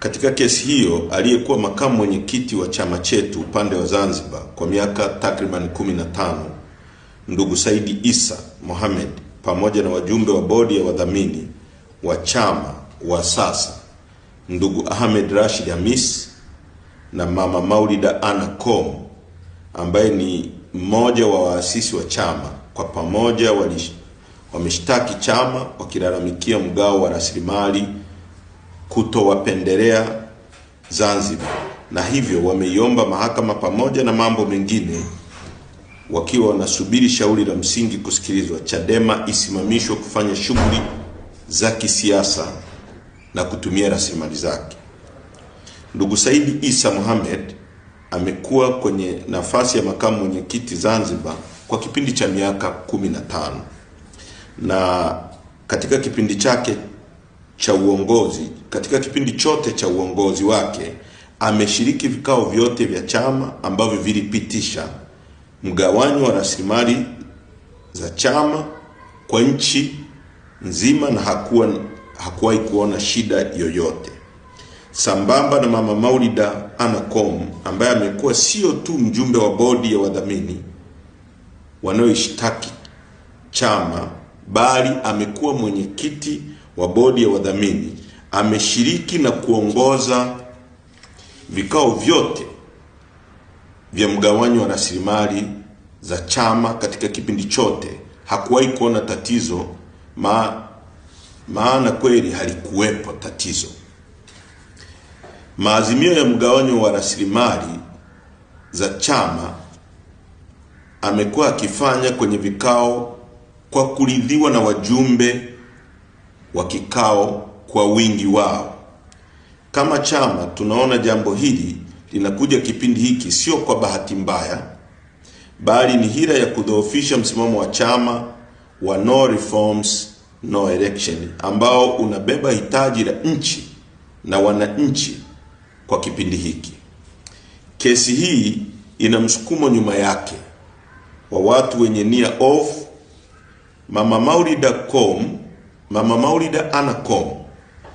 Katika kesi hiyo, aliyekuwa makamu mwenyekiti wa chama chetu upande wa Zanzibar kwa miaka takriban 15 ndugu Saidi Isa Mohamed pamoja na wajumbe wa bodi ya wadhamini wa chama wa sasa ndugu Ahmed Rashid Hamis na mama Maulida Ana Kom ambaye ni mmoja wa waasisi wa chama, kwa pamoja wameshtaki chama wakilalamikia mgao wa rasilimali kutowapendelea Zanzibar, na hivyo wameiomba mahakama pamoja na mambo mengine wakiwa wanasubiri shauri la msingi kusikilizwa, Chadema isimamishwe kufanya shughuli za kisiasa na kutumia rasilimali zake. Ndugu Saidi Isa Mohamed amekuwa kwenye nafasi ya makamu mwenyekiti Zanzibar kwa kipindi cha miaka 15 na katika kipindi chake cha uongozi, katika kipindi chote cha uongozi wake ameshiriki vikao vyote vya chama ambavyo vilipitisha mgawanyo wa rasilimali za chama kwa nchi nzima na hakuwa hakuwahi kuona shida yoyote. Sambamba na Mama Maulida Anacom ambaye amekuwa sio tu mjumbe wa bodi ya wadhamini wanaoishtaki chama bali amekuwa mwenyekiti wa bodi ya wadhamini. Ameshiriki na kuongoza vikao vyote vya mgawanyo wa rasilimali za chama katika kipindi chote. Hakuwahi kuona tatizo ma, maana kweli halikuwepo tatizo. Maazimio ya mgawanyo wa rasilimali za chama amekuwa akifanya kwenye vikao kwa kuridhiwa na wajumbe wa kikao kwa wingi wao. Kama chama tunaona jambo hili linakuja kipindi hiki sio kwa bahati mbaya, bali ni hila ya kudhoofisha msimamo wa chama wa no reforms no election, ambao unabeba hitaji la nchi na wananchi kwa kipindi hiki. Kesi hii ina msukumo nyuma yake wa watu wenye nia ovu Mama Maulida Mama Maulida Anacom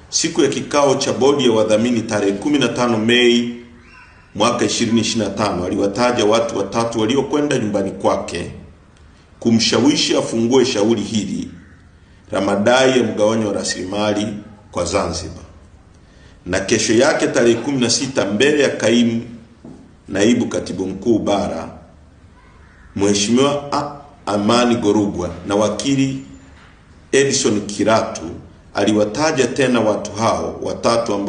siku ya kikao cha bodi ya wadhamini tarehe 15 Mei mwaka 2025 aliwataja watu watatu waliokwenda nyumbani kwake kumshawishi afungue shauri hili la madai ya mgawanyo wa rasilimali kwa Zanzibar. Na kesho yake tarehe 16 mbele ya kaimu naibu katibu mkuu bara Mheshimiwa Amani Gorugwa na wakili Edison Kiratu aliwataja tena watu hao watatu ambao